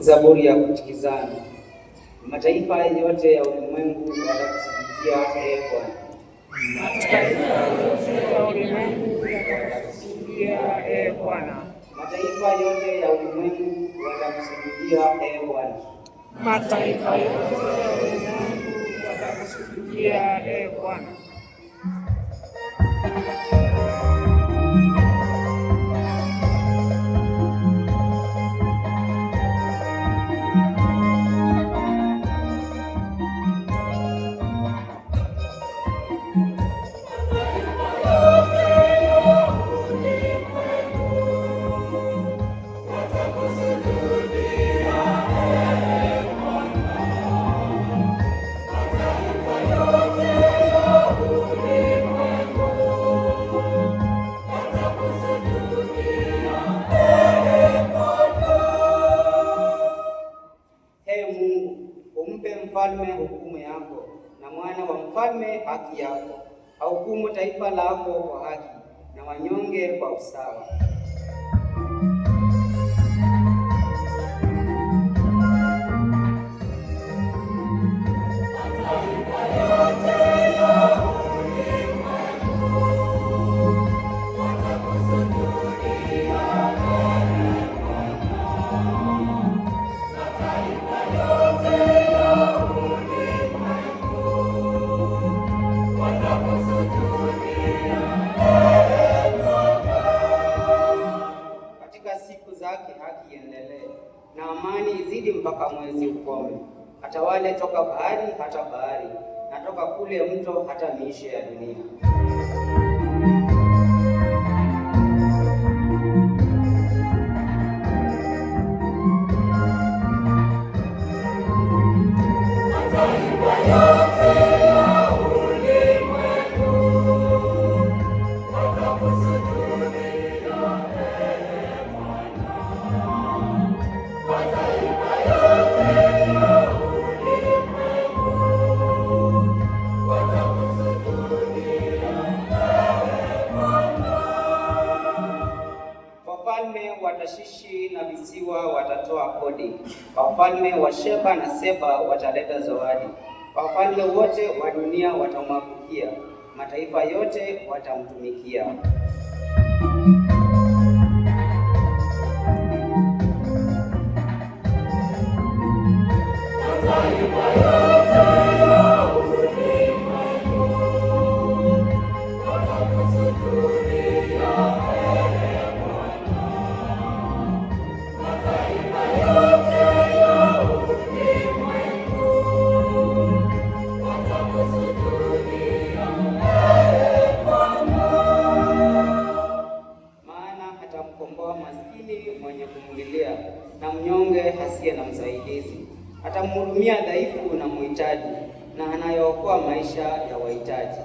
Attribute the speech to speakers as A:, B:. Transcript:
A: Zaburi ya kutikizana. Mataifa yote ya ulimwengu watakusikia ee Bwana.
B: Mataifa yote ya ulimwengu watakusujudia ee Bwana.
A: Mataifa yote ya ulimwengu watakusujudia ee Bwana. mfalme hukumu yako, na mwana wa mfalme haki yako. Hahukumu taifa lako kwa haki, na wanyonge kwa usawa. na amani izidi mpaka mwezi ukome, hata wale toka bahari hata bahari, na toka kule mto hata miisho ya dunia. Tashishi na visiwa watatoa kodi, wafalme wa Sheba na Seba wataleta zawadi, wafalme wote wa dunia watamwangukia, mataifa yote watamtumikia. hasia asiye na msaidizi, atamhudumia dhaifu na mhitaji na anayeokoa maisha ya wahitaji.